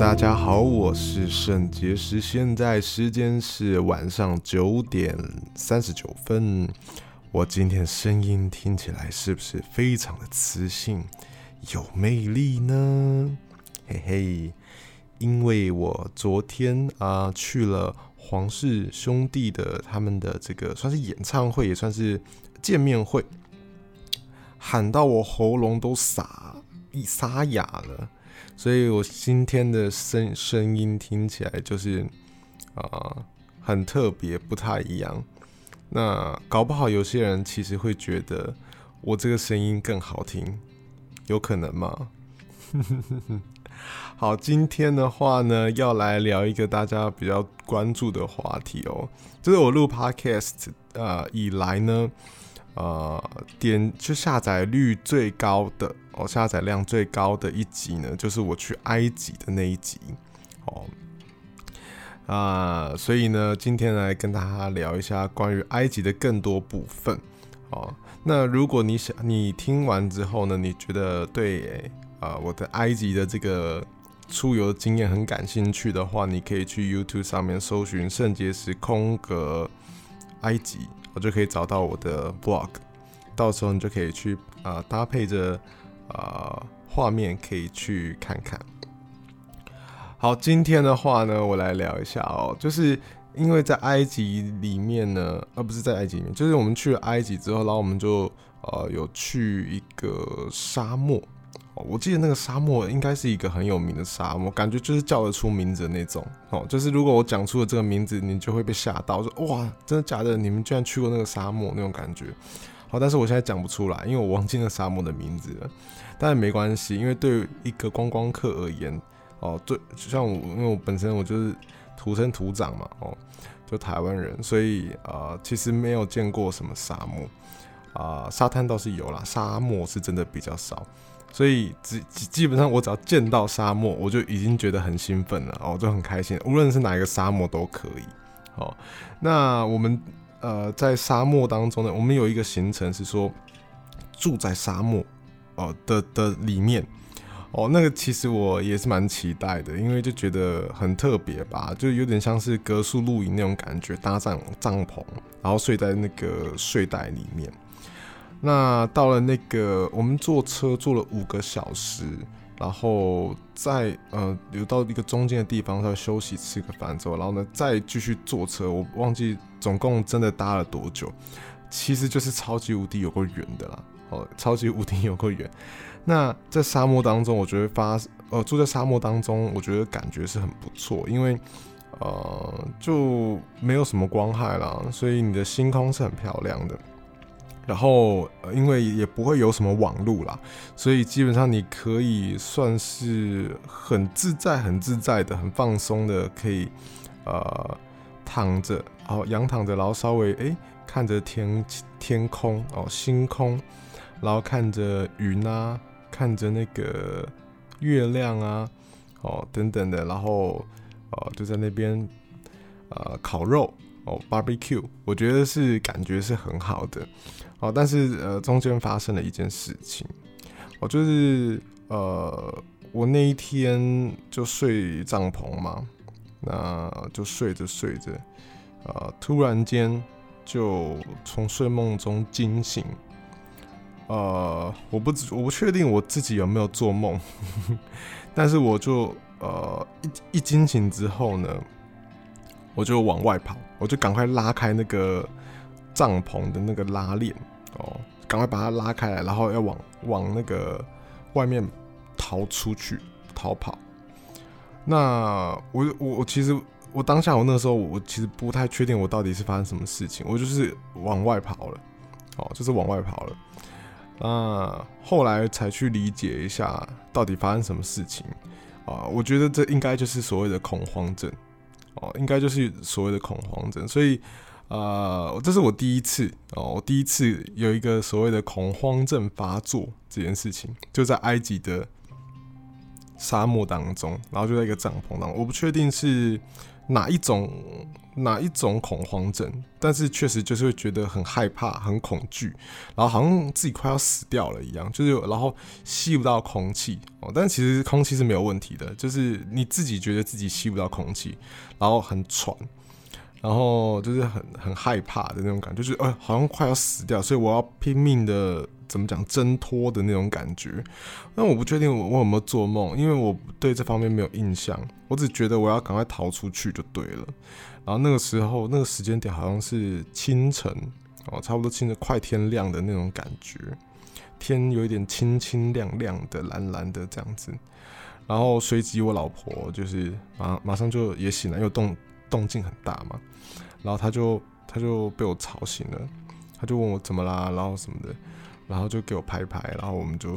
大家好，我是聖結石，現在時間是晚上九點三十九分。我今天聲音聽起來是不是非常的磁性，有魅力呢？嘿嘿，因為我昨天啊、呃、去了黃氏兄弟的他們的這個算是演唱會，也算是見面會，喊到我喉嚨都沙，一沙啞了。所以我今天的聲聲音聽起來就是，啊、呃，很特別，不太一樣。那搞不好有些人其實會覺得我這個聲音更好聽，有可能嗎？ 好，今天的話呢，要來聊一個大家比較關注的話題哦，就是我錄 Podcast 啊、呃、以來呢，啊、呃，點就下載率最高的。我、哦、下載量最高的一集呢，就是我去埃及的那一集。哦，啊，所以呢，今天來跟大家聊一下關於埃及的更多部分。哦，那如果你想你聽完之後呢，你覺得對啊、呃、我的埃及的這個出遊經驗很感興趣的話，你可以去 YouTube 上面搜尋“聖潔時空格埃及”，我、哦、就可以找到我的 Blog。到時候你就可以去啊、呃，搭配着。呃，畫面可以去看看。好，今天的話呢，我來聊一下哦。就是因為在埃及裡面呢，呃，不是在埃及裡面，就是我們去了埃及之後，然後我們就呃有去一個沙漠。哦。我記得那個沙漠應該是一個很有名的沙漠，感覺就是叫得出名字的那種。哦，就是如果我講出了這個名字，你就會被嚇到，說哇，真的假的？你們居然去過那個沙漠？那種感覺。好，但是我現在講不出來，因為我忘記那沙漠的名字了。但沒關係，因為對一個觀光客而言，哦，對，就像我，因為我本身我就是土生土長嘛，哦，就台灣人，所以呃其實沒有見過什麼沙漠，啊、呃，沙灘倒是有啦，沙漠是真的比較少，所以基基基本上我只要見到沙漠，我就已經覺得很興奮了，哦，就很開心，無論是哪一個沙漠都可以，哦，那我們呃在沙漠當中呢，我們有一個行程是說住在沙漠。哦的的裡面，哦那個其實我也是蠻期待的，因為就覺得很特別吧，就有點像是隔宿露營那種感覺，搭帳帳篷，然後睡在那個睡袋裡面。那到了那個我們坐車坐了五個小時，然後再呃留到一個中間的地方再休息吃個飯之後，然後呢再繼續坐車，我忘記總共真的搭了多久，其實就是超級無敵有夠遠的啦。哦，超級無敵有夠遠。那在沙漠當中，我覺得發呃住在沙漠當中，我覺得感覺是很不錯，因為呃就沒有什麼光害啦。所以你的星空是很漂亮的。然後、呃、因為也不會有什麼網路啦，所以基本上你可以算是很自在、很自在的、很放鬆的，可以呃躺着哦仰躺着，然後稍微誒、欸，看着天天空哦星空。然後看着雲啊，看着那個月亮啊，哦等等的，然後哦、呃、就在那邊呃烤肉哦 barbecue，我覺得是感覺是很好的哦，但是呃中間發生了一件事情，哦就是呃我那一天就睡帳篷嘛，那就睡着睡着，呃突然間就從睡夢中驚醒。呃，我不，我不確定我自己有沒有做夢， 但是我就呃一一驚醒之後呢，我就往外跑，我就趕快拉開那個帳篷的那個拉鏈哦，趕快把它拉開來，然後要往往那個外面逃出去逃跑。那我我我其實我當下我那時候我其實不太確定我到底是發生什麼事情，我就是往外跑了，哦，就是往外跑了。啊、呃，後來才去理解一下到底發生什麼事情啊、呃，我覺得這應該就是所謂的恐慌症哦、呃，應該就是所謂的恐慌症。所以，呃，這是我第一次哦、呃，我第一次有一個所謂的恐慌症發作這件事情，就在埃及的沙漠當中，然後就在一個帳篷當中，我不確定是，哪一種哪一種恐慌症？但是確實就是會覺得很害怕、很恐懼，然後好像自己快要死掉了一樣，就是然後吸不到空氣哦，但其實空氣是沒有問題的，就是你自己覺得自己吸不到空氣，然後很喘。然後就是很很害怕的那種感覺，就是呃，欸，好像快要死掉，所以我要拼命的怎麼講掙脫的那種感覺。但我不確定我我有沒有做夢，因為我對這方面沒有印象。我只覺得我要趕快逃出去就對了。然後那個時候那個時間點好像是清晨哦，差不多清晨快天亮的那種感覺，天有一點清清亮亮的藍藍的這樣子。然後隨即我老婆就是馬馬上就也醒了，因為動動靜很大嘛。然後他就他就被我吵醒了，他就問我怎麼啦？然後什麼的，然後就給我拍拍，然後我們就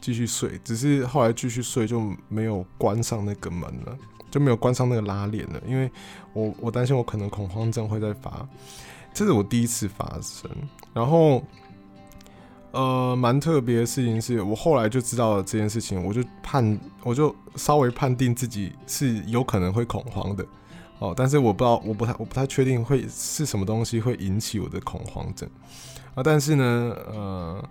繼續睡。只是後來繼續睡就沒有關上那個門了，就沒有關上那個拉鏈了，因為我我擔心我可能恐慌症會再發，這是我第一次發生。然後，呃，蠻特別的事情是我後來就知道了這件事情，我就判我就稍微判定自己是有可能會恐慌的。哦，但是我不知道，我不太，我不太確定會是什麼東西會引起我的恐慌症啊！但是呢，呃，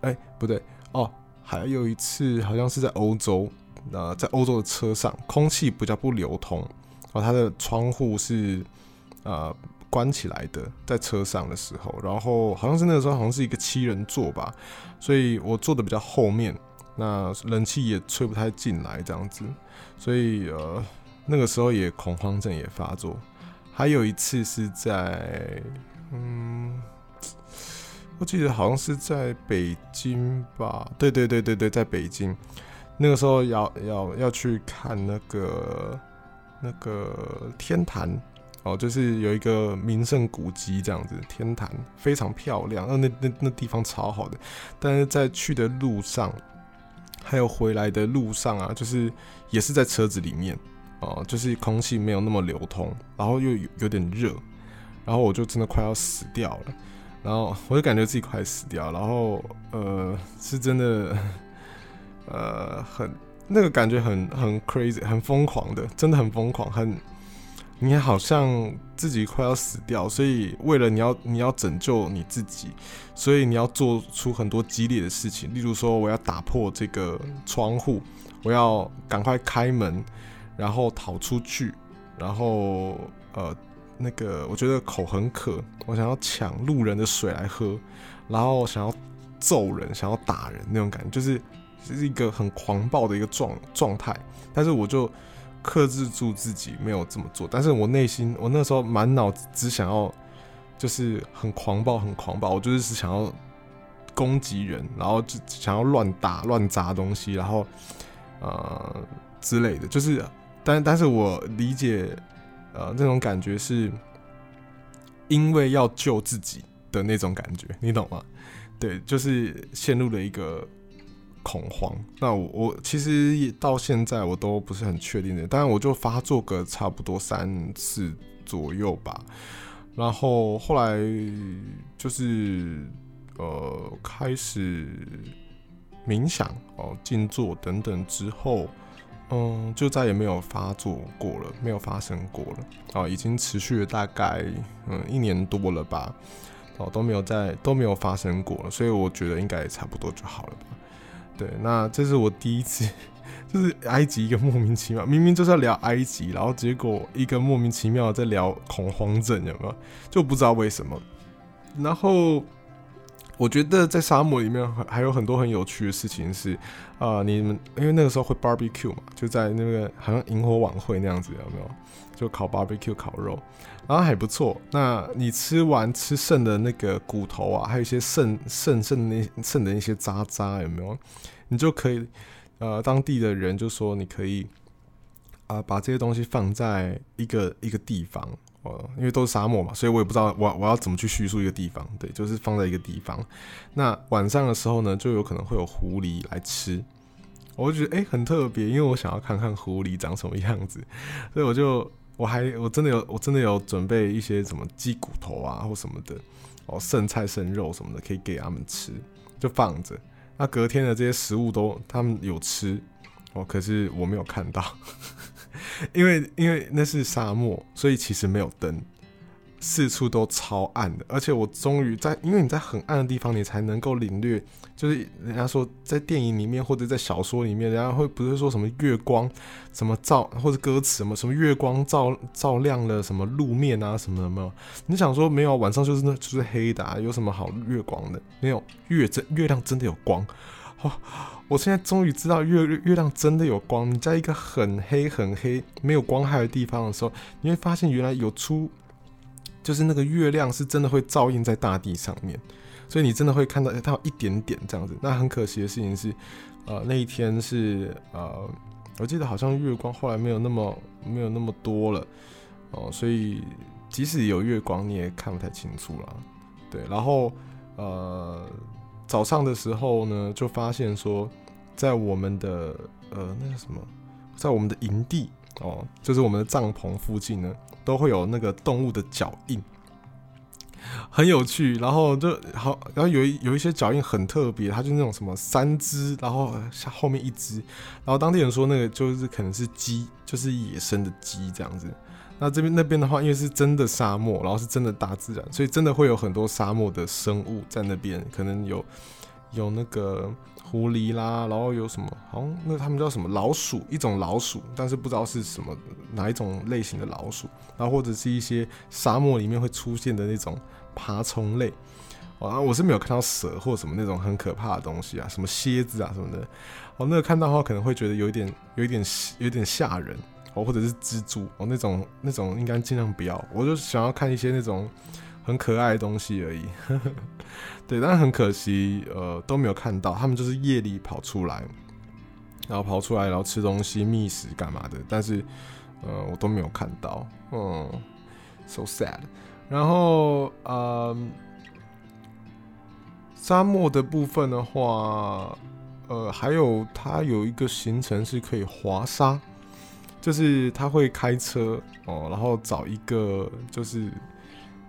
哎、欸，不對，哦，還有一次好像是在歐洲，呃，在歐洲的車上，空氣比較不流通，然、哦、後它的窗戶是呃關起來的，在車上的時候，然後好像是那個時候好像是一個七人座吧，所以我坐得比較後面，那冷氣也吹不太進來，這樣子，所以呃。那個時候也恐慌症也發作，還有一次是在，嗯，我記得好像是在北京吧？對對對對對,對，在北京。那個時候要要要去看那個那個天壇哦，就是有一個名勝古蹟這樣子，天壇非常漂亮，那那那那地方超好的。但是在去的路上，還有回來的路上啊，就是也是在車子裡面。哦，就是空氣沒有那麼流通，然後又有，有點熱，然後我就真的快要死掉了，然後我就感覺自己快死掉，然後呃，是真的，呃，很那個感覺很很 crazy，很瘋狂的，真的很瘋狂，很你好像自己快要死掉，所以為了你要你要拯救你自己，所以你要做出很多激烈的事情，例如說我要打破這個窗戶，我要趕快開門。然後逃出去，然後呃，那個我覺得口很渴，我想要搶路人的水來喝，然後想要揍人，想要打人那種感覺，就是是一個很狂暴的一個狀狀態。但是我就克制住自己，沒有這麼做。但是我內心，我那時候滿腦子只,只想要，就是很狂暴，很狂暴。我就是是想要攻擊人，然後就想要亂打亂砸東西，然後呃之類的，就是。但但是我理解，呃，那種感覺是因為要救自己的那種感覺，你懂嗎？對，就是陷入了一個恐慌。那我我其實也到現在我都不是很確定的，但是我就發作個差不多三次左右吧。然後後來就是呃開始冥想哦、呃、靜坐等等之後。嗯，就再也沒有發作過了，沒有發生過了啊，哦，已經持續了大概嗯一年多了吧，哦，都沒有再都沒有發生過了，所以我覺得應該也差不多就好了吧。對，那這是我第一次，就是埃及一個莫名其妙，明明就是要聊埃及，然後結果一個莫名其妙在聊恐慌症，有沒有？就不知道為什麼，然後。我覺得在沙漠裡面還有很多很有趣的事情是，是、呃、啊，你們因為那個時候會 barbecue 嘛，就在那個好像營火晚會那樣子，有沒有？就烤 barbecue 烤肉，然後還不錯。那你吃完吃剩的那個骨頭啊，還有一些剩剩剩那剩的那些渣渣，有沒有？你就可以呃，當地的人就說你可以啊、呃，把這些東西放在一個一個地方。哦，因為都是沙漠嘛，所以我也不知道我我要怎麼去敘述一個地方。對，就是放在一個地方。那晚上的時候呢，就有可能會有狐狸來吃。我就覺得誒、欸，很特別，因為我想要看看狐狸長什麼樣子，所以我就我還我真的有我真的有準備一些什麼雞骨頭啊或什麼的哦，剩菜剩肉什麼的可以給他們吃，就放着。那隔天的這些食物都他們有吃哦，可是我沒有看到。 因為因為那是沙漠，所以其實沒有燈，四處都超暗的。而且我終於在，因為你在很暗的地方，你才能夠領略，就是人家說在電影裡面或者在小說裡面，人家會不是說什麼月光什麼照或者歌詞什麼什麼月光照照亮了什麼路面啊什麼的嗎？你想說沒有，晚上就是那就是黑的啊，有什麼好月光的？沒有，月真月亮真的有光，哦我現在終於知道月月亮真的有光。你在一個很黑、很黑、沒有光害的地方的時候，你會發現原來有出，就是那個月亮是真的會照映在大地上面，所以你真的會看到，欸，它有一點點這樣子。那很可惜的事情是，呃，那一天是呃，我記得好像月光後來沒有那麼沒有那麼多了哦，呃，所以即使有月光，你也看不太清楚了。對，然後呃，早上的時候呢，就發現說。在我們的呃，那個什麼？在我們的營地哦，就是我們的帳篷附近呢，都會有那個動物的腳印，很有趣。然後就，好，然後有一有一些腳印很特別，它就那種什麼三隻，然後下後面一隻。然後當地人說，那個就是可能是雞，就是野生的雞這樣子。那這邊那邊的話，因為是真的沙漠，然後是真的大自然，所以真的會有很多沙漠的生物在那邊，可能有有那個。狐狸啦，然後有什麼？好像、哦、那個、他們叫什麼？老鼠，一種老鼠，但是不知道是什麼哪一種類型的老鼠。然後或者是一些沙漠裡面會出現的那種爬蟲類。哦、啊，我是沒有看到蛇或什麼那種很可怕的東西啊，什麼蠍子啊什麼的。哦，那個看到的話可能會覺得有點，有點、有點、有點嚇人。哦，或者是蜘蛛。哦，那種、那種應該盡量不要。我就想要看一些那種很可愛的東西而已，呵呵，對，但是很可惜，呃，都沒有看到。他們就是夜裡跑出來，然後跑出來，然後吃東西、覓食幹嘛的，但是，呃，我都沒有看到，嗯，so sad。然後，呃，沙漠的部分的話，呃，還有它有一個行程是可以滑沙，就是他會開車哦，呃，然後找一個就是。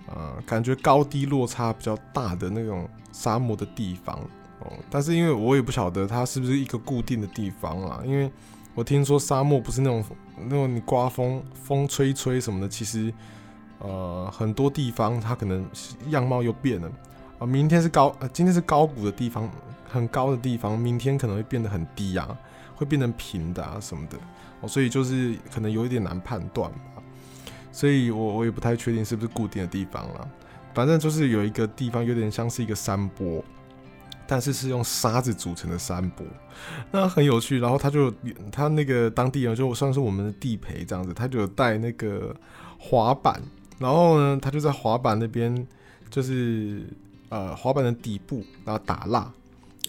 呃，感覺高低落差比較大的那種沙漠的地方哦、呃，但是因為我也不曉得它是不是一個固定的地方啦、啊，因為我聽說沙漠不是那種那種你颳風，風吹吹什麼的，其實呃很多地方它可能樣貌又變了啊、呃，明天是高呃今天是高谷的地方，很高的地方，明天可能會變得很低啊，會變成平的啊什麼的哦、呃，所以就是可能有一點難判斷。所以我我也不太確定是不是固定的地方了，反正就是有一個地方有點像是一個山坡，但是是用沙子組成的山坡，那很有趣。然後他就他那個當地人就算是我們的地陪這樣子，他就有帶那個滑板，然後呢他就在滑板那邊就是呃滑板的底部然後打蠟，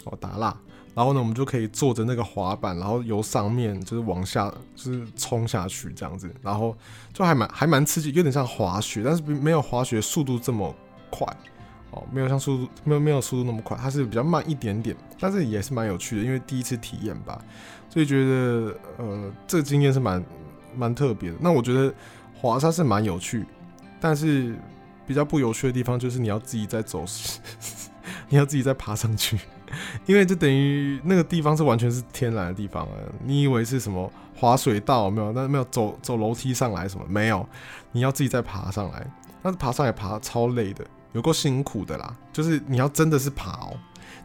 哦打蠟。然後呢，我們就可以坐着那個滑板，然後由上面就是往下，就是衝下去這樣子，然後就還蠻還蠻刺激，有點像滑雪，但是沒有滑雪速度這麼快哦，沒有像速度沒有沒有速度那麼快，它是比較慢一點點，但是也是蠻有趣的，因為第一次體驗吧，所以覺得呃這個經驗是蠻蠻特別的。那我覺得滑沙是蠻有趣，但是比較不有趣的地方就是你要自己再走， 你要自己再爬上去。因為就等於那個地方是完全是天然的地方啊，你以為是什麼滑水道沒有？那沒有走走樓梯上來什麼沒有？你要自己再爬上來，那爬上來爬超累的，有夠辛苦的啦。就是你要真的是爬喔，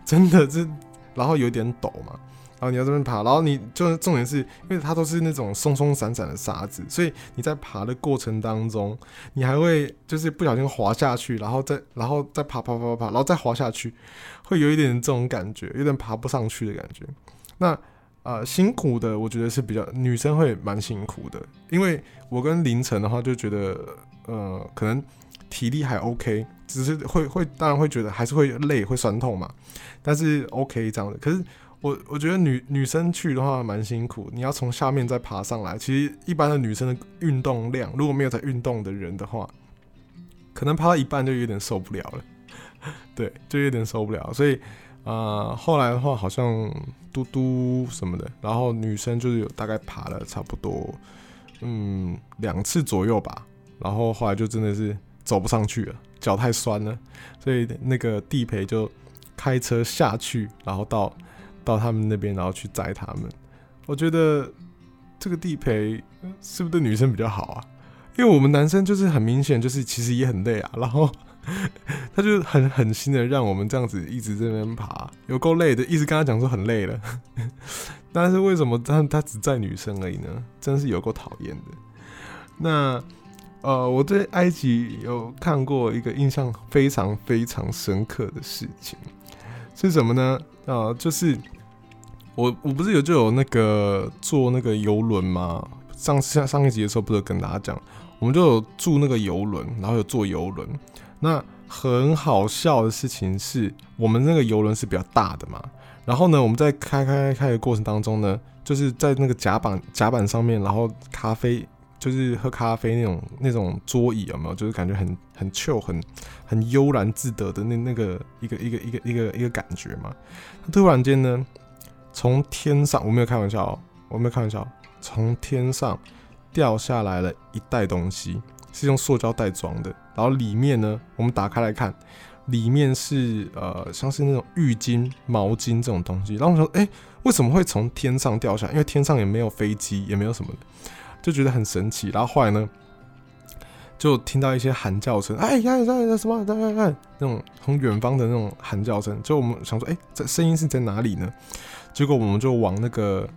真的是，然後有點陡嘛。然後你要這邊爬，然後你就重點是，因為它都是那種鬆鬆散散的沙子，所以你在爬的過程當中，你還會就是不小心滑下去，然後再然後再爬爬爬爬，然後再滑下去，會有一點這種感覺，有點爬不上去的感覺。那呃辛苦的，我覺得是比較女生會蠻辛苦的，因為我跟凌晨的話就覺得，呃，可能體力還 OK，只是會會當然會覺得還是會累會痠痛嘛，但是 OK 這樣的，可是。我我覺得女女生去的話蠻辛苦，你要從下面再爬上來。其實一般的女生的運動量，如果沒有在運動的人的話，可能爬到一半就有點受不了了。對，就有點受不了。所以啊、呃，後來的話好像嘟嘟什麼的，然後女生就是有大概爬了差不多嗯兩次左右吧，然後後來就真的是走不上去了，腳太酸了。所以那個地陪就開車下去，然後到。到他們那邊，然後去摘他們。我覺得這個地陪是不是對女生比較好啊？因為我們男生就是很明顯，就是其實也很累啊。然後他就很狠心的讓我們這樣子一直在那邊爬，有夠累的。一直跟他講說很累了， 但是為什麼他他只在女生而已呢？真是有夠討厭的。那呃，我對埃及有看過一個印象非常非常深刻的事情是什麼呢？啊、呃，就是。我我不是有就有那個坐那個游輪嗎？上上上一集的時候不是跟大家講，我們就有住那個遊輪，然後有坐遊輪。那很好笑的事情是我們那個遊輪是比較大的嘛，然後呢，我們在開開開的過程當中呢，就是在那個甲板甲板上面，然後咖啡就是喝咖啡那種那種桌椅有沒有？就是感覺很很 chill，很 ill, 很,很悠然自得的那那個一個一個一個一個一個,一個感覺嘛。突然間呢。從天上，我沒有開玩笑哦、喔，我沒有開玩笑，喔。從天上掉下來了一袋東西，是用塑膠袋裝的。然後裡面呢，我們打開來看，裡面是呃，像是那種浴巾、毛巾這種東西。然後我想說，哎、欸，為什麼會從天上掉下來？因為天上也沒有飛機，也沒有什麼的，就覺得很神奇。然後後來呢，就聽到一些喊叫聲，哎呀呀哎呀什麼、哎呀，那種從遠方的那種喊叫聲，就我們想說，哎、欸，這聲音是在哪裡呢？結果我們就往那個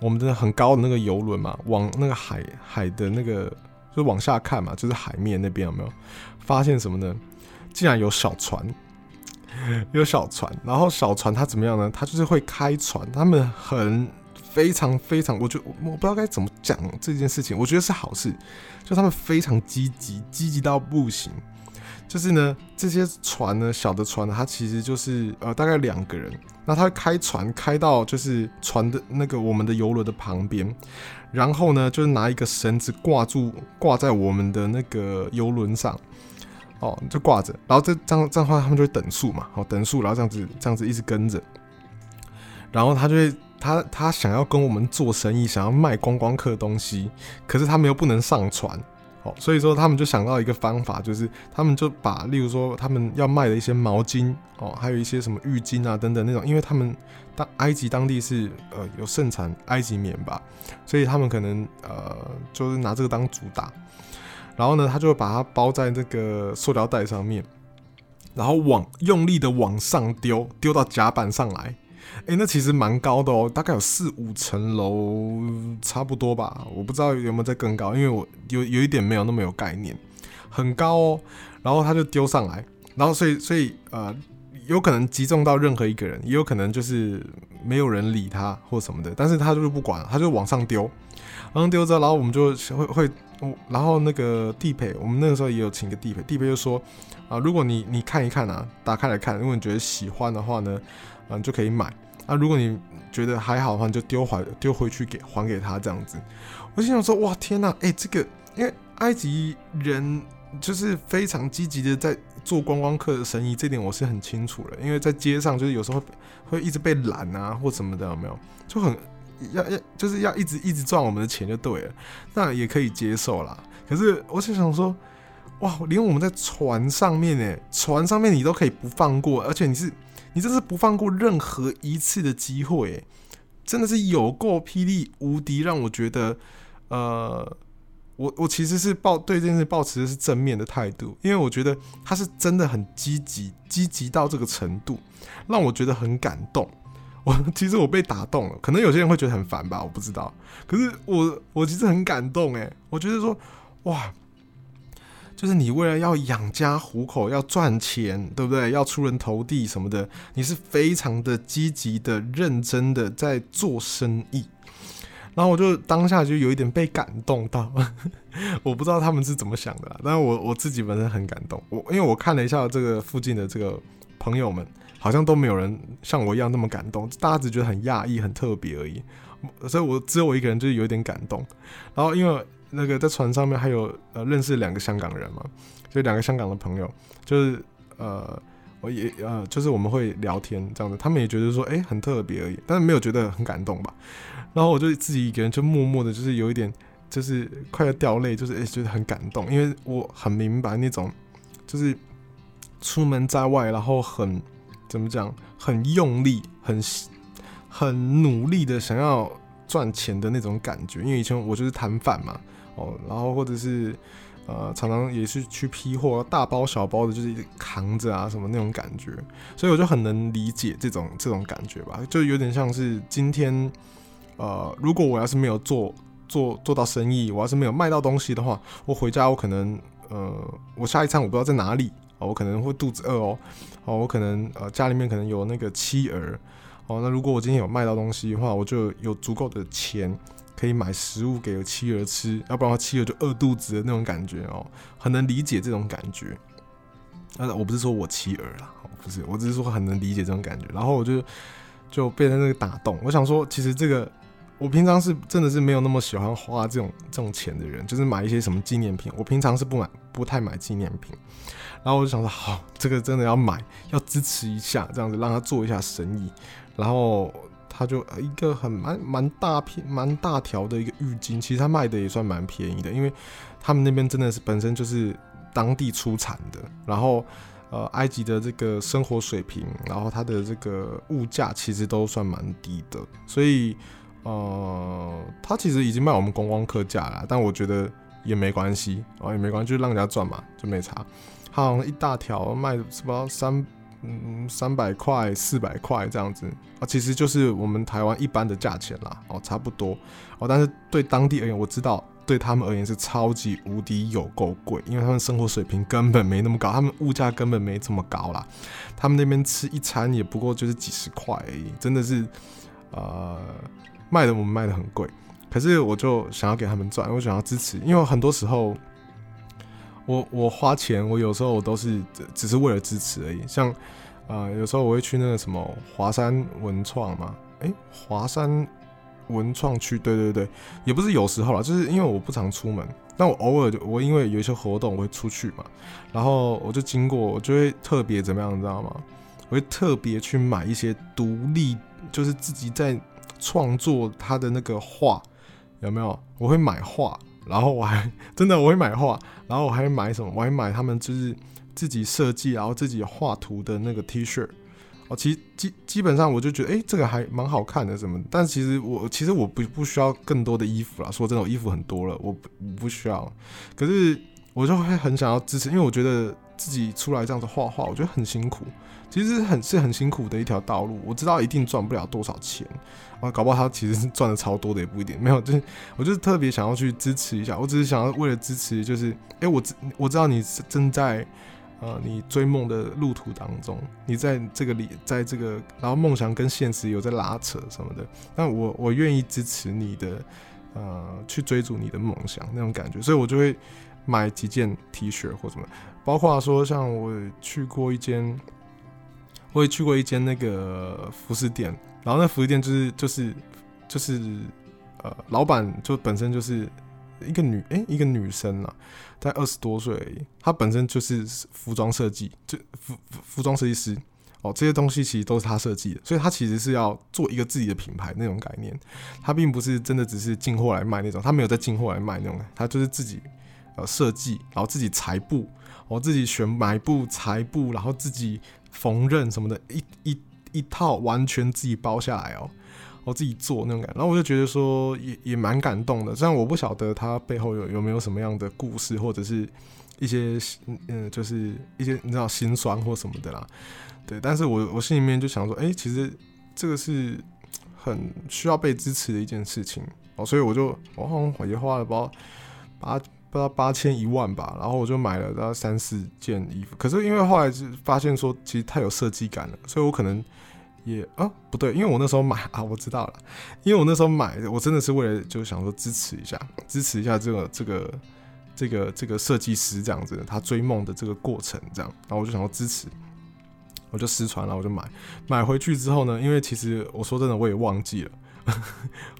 我們的很高的那個遊輪嘛，往那個海海的那個就往下看嘛，就是海面那邊有沒有發現什麼呢？竟然有小船，有小船，然後小船它怎麼樣呢？它就是會開船，他們很非常非常，我就我不知道該怎麼講這件事情，我覺得是好事，就他們非常積極，積極到不行。就是呢，這些船呢，小的船，它其實就是呃，大概兩個人。那他開船開到就是船的那個我們的遊輪的旁邊，然後呢，就是拿一個繩子掛住，掛在我們的那個遊輪上，哦，就掛着。然後這這樣這樣的話，他們就會等速嘛，好、哦、等速，然後這樣子這樣子一直跟着。然後他就會他他想要跟我們做生意，想要賣觀光客東西，可是他們又不能上船。哦，所以說，他們就想到一個方法，就是他們就把，例如說，他們要賣的一些毛巾哦，還有一些什麼浴巾啊等等那種，因為他們當埃及當地是呃有盛產埃及棉吧，所以他們可能呃就是拿這個當主打，然後呢，他就把它包在那個塑料袋上面，然後往用力的往上丟，丟到甲板上來。誒、欸，那其實蠻高的哦、喔，大概有四五層樓差不多吧，我不知道有沒有再更高，因為我有有一點沒有那麼有概念，很高哦、喔。然後他就丟上來，然後所以所以呃，有可能擊中到任何一個人，也有可能就是沒有人理他或什麼的，但是他就是不管，他就往上丟，往上丟着，然後我們就會會、呃，然後那個地陪，我們那個時候也有請個地陪，地陪就說啊、呃，如果你你看一看啊，打開來看，如果你覺得喜歡的話呢，嗯、呃、就可以買。啊，如果你覺得還好的話，你就丟還丟回去給還給他這樣子。我就想說，哇，天吶，哎，這個因為埃及人就是非常積極的在做觀光客的生意，這點我是很清楚了。因為在街上就是有時候會，會一直被攔啊或什麼的，有沒有，就很要要就是要一直一直賺我們的錢就對了，那也可以接受啦。可是我就想說，哇，連我們在船上面，哎，船上面你都可以不放過，而且你是。你真是不放過任何一次的機會欸，真的是有夠霹靂無敵，讓我覺得，呃，我我其實是抱對這件事抱持的是正面的態度，因為我覺得他是真的很積極，積極到這個程度，讓我覺得很感動。我其實我被打動了，可能有些人會覺得很煩吧，我不知道。可是我我其實很感動欸，誒，我覺得說，哇。就是你為了要養家糊口，要賺錢，對不對？要出人頭地什麼的，你是非常的積極的、認真的在做生意。然後我就當下就有一點被感動到，呵呵，我不知道他們是怎麼想的，但是我我自己本身很感動。我因為我看了一下這個附近的這個朋友們，好像都沒有人像我一樣那麼感動，大家只覺得很訝異、很特別而已。所以我只有我一個人就是有一點感動。然後因為。那個在船上面還有呃認識兩個香港人嘛，就兩個香港的朋友，就是呃我也呃就是我們會聊天這樣子，他們也覺得說哎、欸、很特別而已，但是沒有覺得很感動吧。然後我就自己一個人就默默的，就是有一點就是快要掉淚，就是、欸、覺得很感動，因為我很明白那種就是出門在外，然後很怎麼講，很用力，很很努力的想要賺錢的那種感覺，因為以前我就是攤販嘛。哦，然後或者是，呃，常常也是去批貨，大包小包的，就是扛着啊，什麼那種感覺，所以我就很能理解這種這種感覺吧，就有點像是今天，呃，如果我要是沒有做做做到生意，我要是沒有賣到東西的話，我回家我可能，呃，我下一餐我不知道在哪裡，哦，我可能會肚子餓哦，哦，我可能，呃，家裡面可能有那個妻兒，哦，那如果我今天有賣到東西的話，我就有足夠的錢。可以買食物給妻兒吃，要不然他妻兒就餓肚子的那種感覺哦、喔，很能理解這種感覺。但是，啊、我不是說我妻兒啦，不是，我只是說很能理解這種感覺。然後我就就被他那個打動，我想說，其實這個我平常是真的是沒有那麼喜歡花這種這種錢的人，就是買一些什麼紀念品，我平常是不買，不太買紀念品。然後我就想說，好，這個真的要買，要支持一下，這樣子讓他做一下生意，然後。他就一個很蠻蠻大片蠻大條的一個浴巾，其實他賣的也算蠻便宜的，因為他們那邊真的是本身就是當地出產的，然後呃，埃及的這個生活水平，然後它的這個物價其實都算蠻低的，所以呃，他其實已經賣我們觀光客價了啦，但我覺得也沒關係，然、哦、也沒關係，就讓人家賺嘛，就沒差。它好像，一大條賣不知道三。嗯，三百塊、四百塊這樣子啊，其實就是我們台灣一般的價錢啦，哦，差不多哦。但是對當地而言，我知道對他們而言是超級無敵有夠貴，因為他們生活水平根本沒那麼高，他們物價根本沒這麼高啦。他們那邊吃一餐也不過就是幾十塊而已，真的是，呃，賣的我們賣得很貴，可是我就想要給他們賺，我想要支持，因為很多時候。我我花錢，我有時候我都是只是為了支持而已。像，啊、呃，有時候我會去那個什麼華山文創嘛，誒、欸，華山文創區，對對對，也不是有時候啦，就是因為我不常出門，但我偶爾就我因為有一些活動我會出去嘛，然後我就經過，我就會特別怎麼樣，你知道嗎？我會特別去買一些獨立，就是自己在創作他的那個畫，有沒有？我會買畫。然後我還真的我會買畫，然後我還買什麼？我還買他們就是自己設計，然後自己畫圖的那個 T 恤。哦，其基基本上我就覺得，哎，這個還蠻好看的什麼。但其實我其實我不不需要更多的衣服啦。說真的，我衣服很多了，我不不需要。可是我就會很想要支持，因為我覺得。自己出來這樣子畫畫，我覺得很辛苦，其實是很是很辛苦的一條道路。我知道一定賺不了多少錢啊，搞不好他其實是賺的超多的也不一定。沒有，就是我就是特別想要去支持一下。我只是想要為了支持，就是誒、欸，我知我知道你正在呃，你追夢的路途當中，你在這個裡，在這個然後夢想跟現實有在拉扯什麼的。那我我願意支持你的呃，去追逐你的夢想那種感覺，所以我就會買幾件 T 恤或什麼。包括說像我也去過一間，我也去過一間那個服飾店，然後那服飾店就是就是就是呃，老闆就本身就是一個女哎、欸、一個女生吶，在二十多歲而已，她本身就是服裝設計，就服服裝設計師哦、喔，這些東西其實都是她設計的，所以她其實是要做一個自己的品牌那種概念，她並不是真的只是進貨來賣那種，她沒有在進貨來賣那種，她就是自己呃設計，然後自己裁布。我、哦、自己選買布、裁布，然後自己縫紉什麼的，一一一套完全自己包下來哦，我自己做那種感覺，然後我就覺得說也也蠻感動的。雖然我不曉得他背後有有沒有什麼樣的故事，或者是一些嗯，就是一些你知道心酸或什麼的啦，對。但是我我心裡面就想說，哎，其實這個是很需要被支持的一件事情哦，所以我就我、哦、好花了包八。不到八千一萬吧，然後我就買了大概三四件衣服。可是因為後來就發現說，其實太有設計感了，所以我可能也啊不對，因為我那時候買啊，我知道了，因為我那時候買，我真的是為了就想說支持一下，支持一下這個這個這個這個設計師這樣子，他追夢的這個過程這樣。然後我就想說支持，我就失傳了，我就買買回去之後呢，因為其實我說真的，我也忘記了呵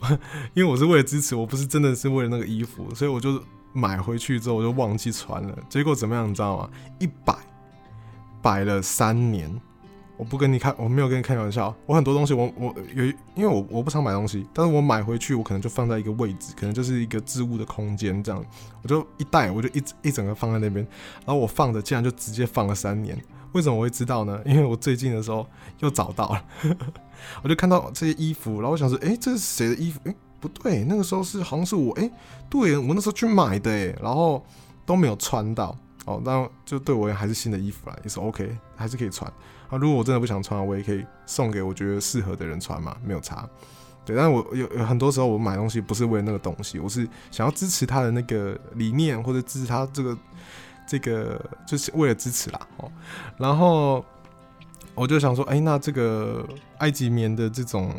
呵，因為我是為了支持，我不是真的是為了那個衣服，所以我就。買回去之後我就忘記穿了，結果怎麼樣？你知道嗎？一擺擺了三年，我不跟你開，我沒有跟你開玩笑。我很多東西我，我我有，因為我我不常買東西，但是我買回去，我可能就放在一個位置，可能就是一個置物的空間這樣，我就一袋，我就一一整個放在那邊，然後我放着，竟然就直接放了三年。為什麼我會知道呢？因為我最近的時候又找到了， 我就看到這些衣服，然後我想說，哎、欸，這是誰的衣服？哎、欸。不對，那個時候是好像是我哎、欸，對，我那時候去買的，欸，然後都沒有穿到，哦，喔，那就對我也還是新的衣服啦，也是 OK，還是可以穿啊。如果我真的不想穿，我也可以送給我覺得適合的人穿嘛，沒有差。對，但是我有有，有很多時候我買東西不是為了那個東西，我是想要支持他的那個理念或者支持他這個這個就是為了支持啦。哦，喔，然後我就想說，哎、欸，那這個埃及棉的這種。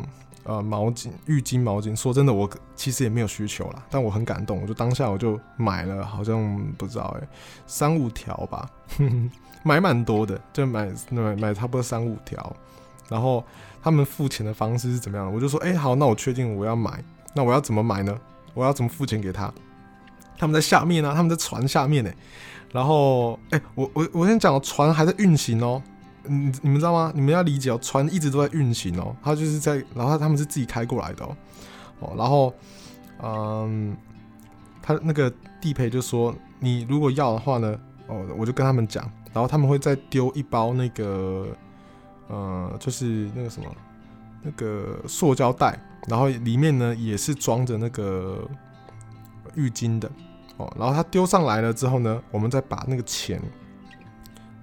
呃，毛巾、浴巾、毛巾。說真的，我其實也沒有需求啦，但我很感動，我就當下我就買了，好像、嗯、不知道誒、欸，三五條吧，呵呵買蠻多的，就買買買差不多三五條。然後他們付錢的方式是怎麼樣？我就說，哎、欸，好，那我確定我要買，那我要怎麼買呢？我要怎麼付錢給他？他們在下面啊，他們在船下面呢、欸。然後哎、欸，我我我先講，船還在運行哦、喔。你你們知道嗎？你們要理解哦、喔，船一直都在運行哦、喔，他就是在，然後他們是自己開過來的哦、喔，哦、喔，然後，嗯，他那個地陪就說，你如果要的話呢，哦、喔，我就跟他們講，然後他們會再丟一包那個，呃，就是那個什麼，那個塑膠袋，然後裡面呢也是裝着那個浴巾的，哦、喔，然後他丟上來了之後呢，我們再把那個錢。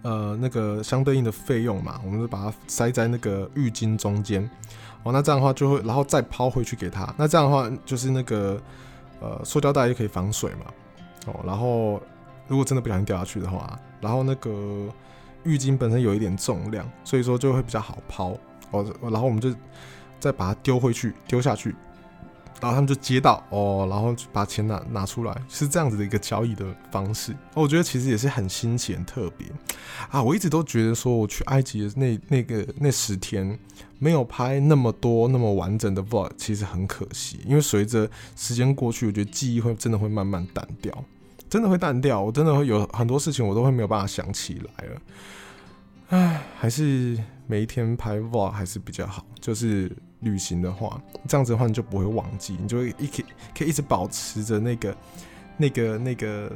呃，那個相對應的費用嘛，我們就把它塞在那個浴巾中間，哦，那這樣的話就會，然後再拋回去給他。那這樣的話就是那個呃，塑膠袋也可以防水嘛，哦，然後如果真的不小心掉下去的話，然後那個浴巾本身有一點重量，所以說就會比較好拋，哦，然後我們就再把它丟回去，丟下去。然後他們就接到哦，然後把錢拿拿出來，是這樣子的一個交易的方式。我覺得其實也是很新奇、很特別啊！我一直都覺得說，我去埃及的那那個那十天，沒有拍那麼多那麼完整的 vlog，其實很可惜。因為隨着時間過去，我覺得記憶會真的會慢慢淡掉，真的會淡掉。我真的會有很多事情，我都會沒有辦法想起來了。唉，還是每一天拍 vlog 還是比較好，就是。旅行的話，這樣子的話你就不會忘記，你就會一可以可以一直保持着那個、那個、那個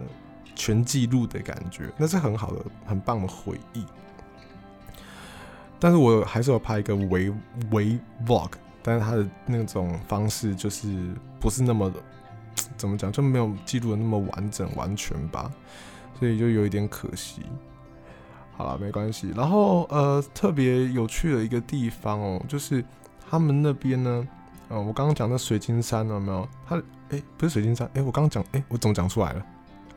全記錄的感覺，那是很好的、很棒的回憶。但是我還是有拍一個微微 vlog，但是它的那種方式就是不是那麼的怎麼講，就沒有記錄的那麼完整、完全吧，所以就有一點可惜。好了，沒關係。然後呃，特別有趣的一個地方哦、喔，就是。他們那邊呢？啊、哦，我剛剛講的水晶山有沒有？他哎、欸，不是水晶山，哎、欸，我剛剛講，哎、欸，我怎麼講出來了？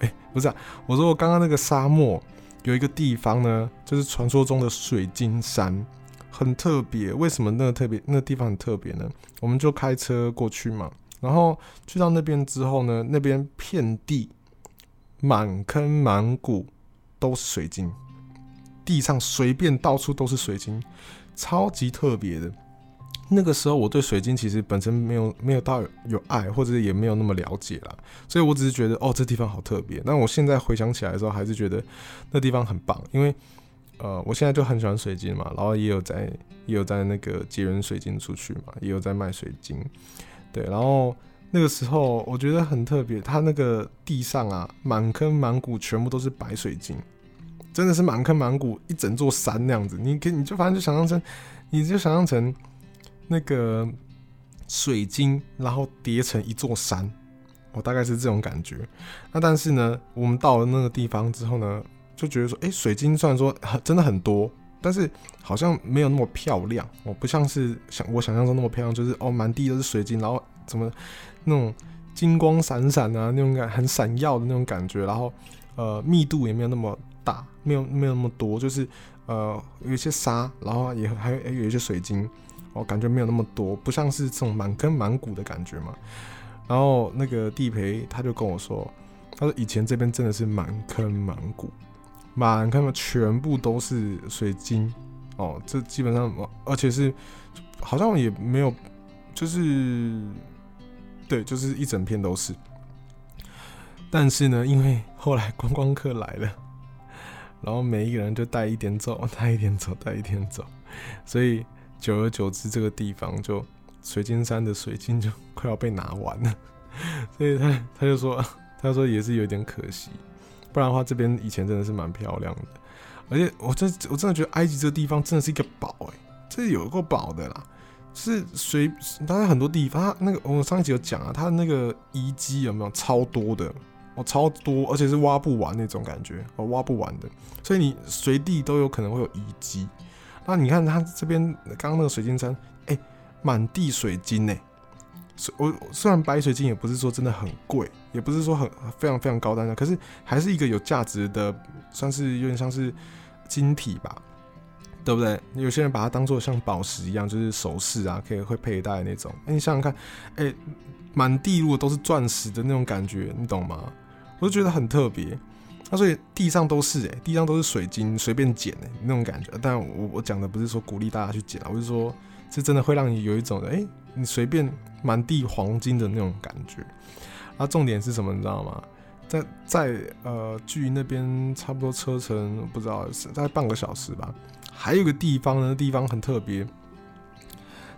哎、欸，不是啊，我說我剛剛那個沙漠有一個地方呢，就是傳說中的水晶山，很特別。為什麼那個特別？那個地方很特別呢？我們就開車過去嘛。然後去到那邊之後呢，那邊遍地滿坑滿谷都是水晶，地上隨便到處都是水晶，超級特別的。那個時候我對水晶其實本身沒有沒有到有，有愛，或者是也沒有那麼了解啦，所以我只是覺得哦，這地方好特別。但我現在回想起來的時候，還是覺得那地方很棒，因為呃我現在就很喜歡水晶嘛，然後也有在也有在那個結緣水晶出去嘛，也有在賣水晶，對，然後那個時候我覺得很特別，它那個地上啊滿坑滿谷全部都是白水晶，真的是滿坑滿谷，一整座山那樣子，你可你就反正就想象成，你就想象成。那個水晶，然後疊成一座山，我、哦、大概是這種感覺。那但是呢，我們到了那個地方之後呢，就覺得說，誒，水晶雖然說真的很多，但是好像沒有那麼漂亮。我、哦、不像是想我想象中那麼漂亮，就是哦，滿地都是水晶，然後怎麼那種金光閃閃啊，那種感很閃耀的那種感覺。然後呃，密度也沒有那麼大，沒有沒有那麼多，就是呃，有一些沙，然後也還有一些水晶。我、哦、感覺沒有那麼多，不像是這種滿坑滿谷的感覺嘛。然後那個地陪他就跟我說，他說以前這邊真的是滿坑滿谷，滿坑的，全部都是水晶哦。這基本上，而且是好像也沒有，就是對，就是一整片都是。但是呢，因為後來觀光客來了，然後每一個人就帶一點走，帶一點走，帶一點走，所以。久而久之，這個地方就水晶山的水晶就快要被拿完了，所以他他就說，他說也是有點可惜，不然的話，這邊以前真的是蠻漂亮的。而且我真我真的覺得埃及這個地方真的是一個寶哎、欸，這有夠寶的啦！是隨大家很多地方，那個我們、哦、上一集有講啊，它的那個遺跡有沒有超多的？哦，超多，而且是挖不完那種感覺，哦，挖不完的，所以你隨地都有可能會有遺跡。那你看它這邊剛剛那個水晶山，哎、欸，滿地水晶呢、欸。我雖然白水晶也不是說真的很貴，也不是說很非常非常高端的，可是還是一個有價值的，算是有點像是晶體吧，對不對？有些人把它當做像寶石一樣，就是首飾啊，可以會佩戴那種。哎、欸，你想想看，哎、欸，滿地如果都是鑽石的那種感覺，你懂嗎？我就覺得很特別。那、啊、所以地上都是，誒、欸，地上都是水晶，隨便撿的、欸、那種感覺。但我我講的不是說鼓勵大家去撿啊，我是說這真的會讓你有一種誒、欸，你隨便滿地黃金的那種感覺。啊，重點是什麼？你知道嗎？在在呃，距離那邊差不多車程不知道在半個小時吧，還有一個地方呢，地方很特別，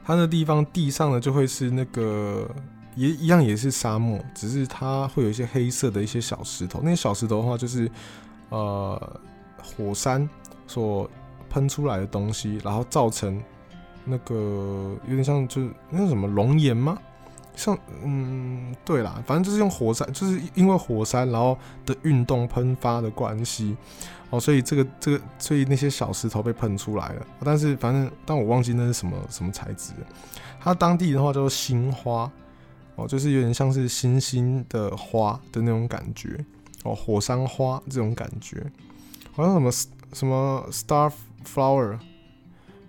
它那地方地上呢就會是那個。也一樣，也是沙漠，只是它會有一些黑色的一些小石頭。那些小石頭的話，就是呃火山所噴出來的東西，然後造成那個有點像就，就是那什麼熔岩嗎？像嗯，對啦，反正就是用火山，就是因為火山然後的運動噴發的關係，哦，所以這個這個，所以那些小石頭被噴出來了。但是反正，但我忘記那是什麼什麼材質。它當地的話叫做星花。哦，就是有點像是星星的花的那種感覺，哦，火山花這種感覺，好、哦、像什麼什麼 star flower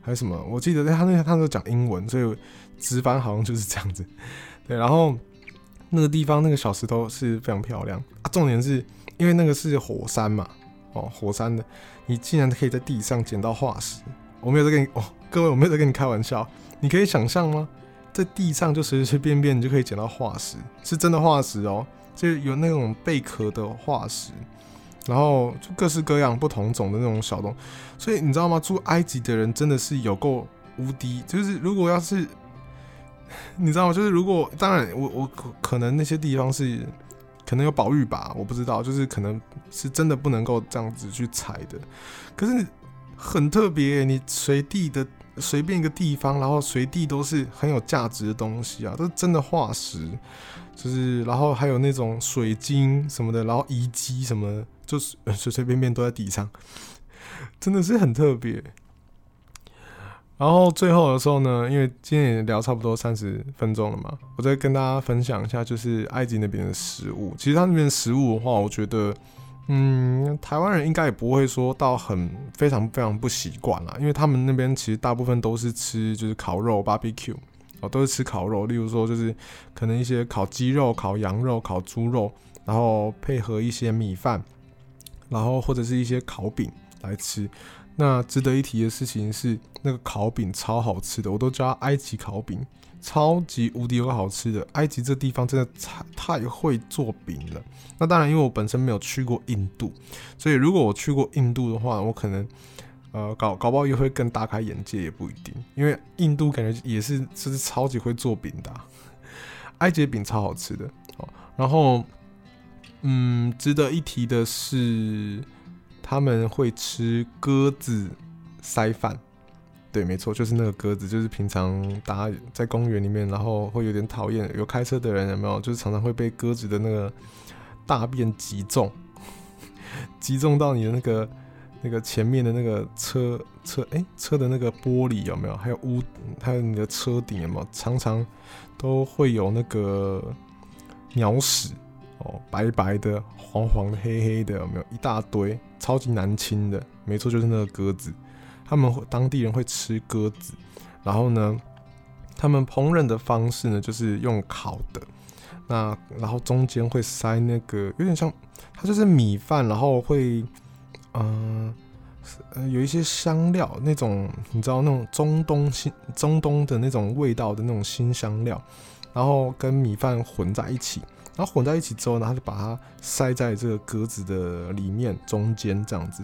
還是什麼？我記得他、欸、那天他都講英文，所以直翻好像就是這樣子。對，然後那個地方那個小石頭是非常漂亮啊，重點是因為那個是火山嘛，哦，火山的，你竟然可以在地上撿到化石，我沒有在跟你哦，各位我沒有在跟你開玩笑，你可以想象嗎？在地上就隨隨便便你就可以撿到化石，是真的化石哦，就有那種貝殼的化石，然後就各式各樣不同種的那種小東西，所以你知道嗎？住埃及的人真的是有夠無敵，就是如果要是你知道嗎？就是如果當然我我可可能那些地方是可能有寶玉吧，我不知道，就是可能是真的不能夠這樣子去採的，可是很特別欸，你隨地的。隨便一個地方，然後隨地都是很有價值的東西啊，都是真的化石，就是，然後還有那種水晶什麼的，然後遺跡什麼的，就是隨隨便便都在地上，真的是很特別。然後最後的時候呢，因為今天也聊差不多三十分鐘了嘛，我再跟大家分享一下，就是埃及那邊的食物。其實他那邊的食物的話，我覺得。嗯，台灣人應該也不會說到很非常非常不習慣啦，因為他們那邊其實大部分都是吃就是烤肉，barbecue 哦，都是吃烤肉。例如說就是可能一些烤雞肉、烤羊肉、烤豬肉，然後配合一些米飯，然後或者是一些烤餅來吃。那值得一提的事情是，那個烤餅超好吃的，我都叫它埃及烤餅。超級無敵有個好吃的，埃及這地方真的太太會做餅了。那當然，因為我本身沒有去過印度，所以如果我去過印度的話，我可能呃搞搞不好也會更大開眼界也不一定，因為印度感覺也是就是超級會做餅的、啊， 埃及餅超好吃的、哦。然後，嗯，值得一提的是，他們會吃鴿子塞飯。對，沒錯，就是那個鴿子，就是平常大家在公園裡面，然後會有點討厭，有開車的人有沒有？就是常常會被鴿子的那個大便擊中，擊 中到你的那個那個前面的那個車車哎、欸、車的那個玻璃有沒有？還有屋，還有你的車頂有沒有？常常都會有那個鳥屎哦，白白的、黃黃、黑黑的有沒有？一大堆，超級難清的。沒錯，就是那個鴿子。他們當地人會吃鴿子，然後呢，他們烹飪的方式呢，就是用烤的，那然後中間會塞那個有點像，它就是米飯，然後會嗯、呃呃，有一些香料那種，你知道那種中東新中東的那種味道的那種辛香料，然後跟米飯混在一起，然後混在一起之後呢，他就把它塞在這個鴿子的裡面中間這樣子。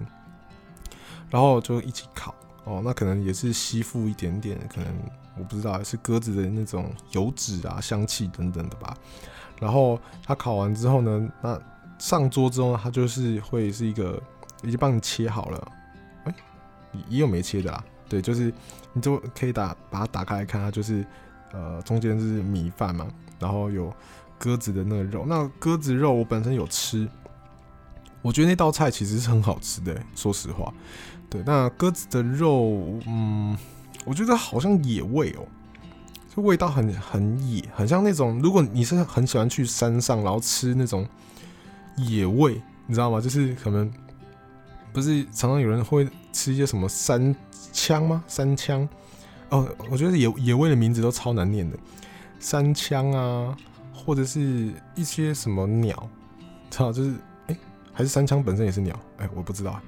然後就一起烤哦，那可能也是吸附一點點，可能我不知道，是鴿子的那種油脂啊、香氣等等的吧。然後它烤完之後呢，那上桌之後它就是會是一個已經幫你切好了，哎、欸，也有沒切的啦。對，就是你就可以打把它打開來看，它就是呃中間是米飯嘛，然後有鴿子的那個肉。那鴿子肉我本身有吃，我覺得那道菜其實是很好吃的，說實話。對，那鴿子的肉，嗯，我覺得好像野味哦，喔，就味道很很野，很像那種。如果你是很喜歡去山上，然後吃那種野味，你知道嗎？就是可能不是常常有人會吃一些什麼山羌嗎？山羌？哦，我覺得野野味的名字都超難念的，山羌啊，或者是一些什麼鳥，知道，就是哎，欸，還是山羌本身也是鳥？哎，欸，我不知道。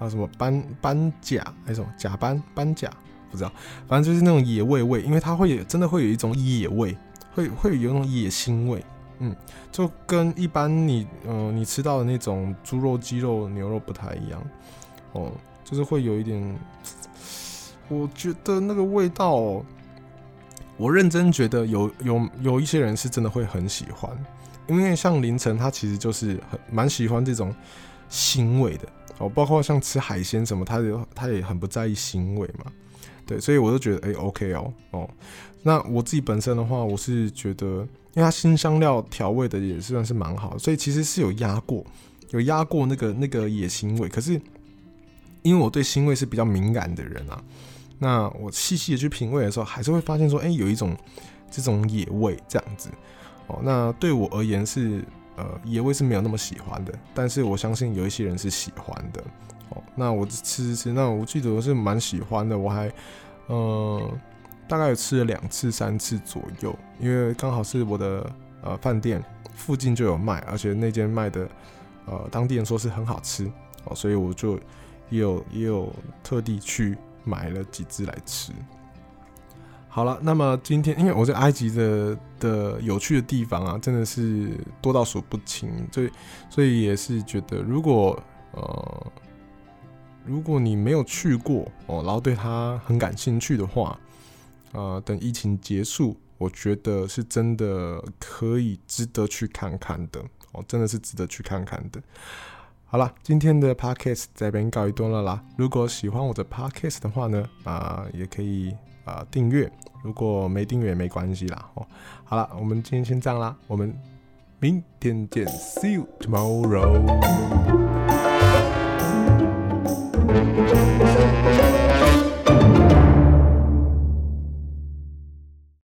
有、啊、什麼斑斑甲還是什麼甲斑斑甲，不知道。反正就是那種野味味，因為它會真的會有一種野味，會會有那種野腥味。嗯，就跟一般你嗯、呃、你吃到的那種豬肉、雞肉、牛肉不太一樣。哦，就是會有一點，我覺得那個味道，我認真覺得有有有一些人是真的會很喜歡，因為像凌晨他其實就是很蠻喜歡這種腥味的。哦，包括像吃海鮮什麼，他也他也很不在意腥味嘛，對，所以我就覺得，哎，OK 哦，哦，那我自己本身的話，我是覺得，因為它辛香料調味的也是算是蠻好，所以其實是有壓過，有壓過那個那個野腥味，可是因為我對腥味是比較敏感的人啊，那我細細的去品味的時候，還是會發現說，哎，有一種這種野味這樣子，哦，那對我而言是。呃，野味是沒有那麼喜歡的，但是我相信有一些人是喜歡的。哦，那我吃吃吃，那我記得我是蠻喜歡的，我還呃大概吃了兩次，三次左右，因為剛好是我的呃飯店附近就有賣，而且那間賣的呃當地人說是很好吃哦，所以我就也有也有特地去買了幾隻來吃。好啦，那麼今天因為我在埃及的的有趣的地方啊，真的是多到數不清，所以所以也是覺得，如果呃如果你沒有去過哦、喔，然後對它很感興趣的話，呃，等疫情結束，我覺得是真的可以值得去看看的哦、喔，真的是值得去看看的。好啦，今天的 Podcast 這邊告一段落啦。如果喜歡我的 Podcast 的話呢，啊，也可以。呃，訂閱，如果沒訂閱也沒關係啦哦。好啦，我們今天先這樣啦，我們明天見 ，See you tomorrow。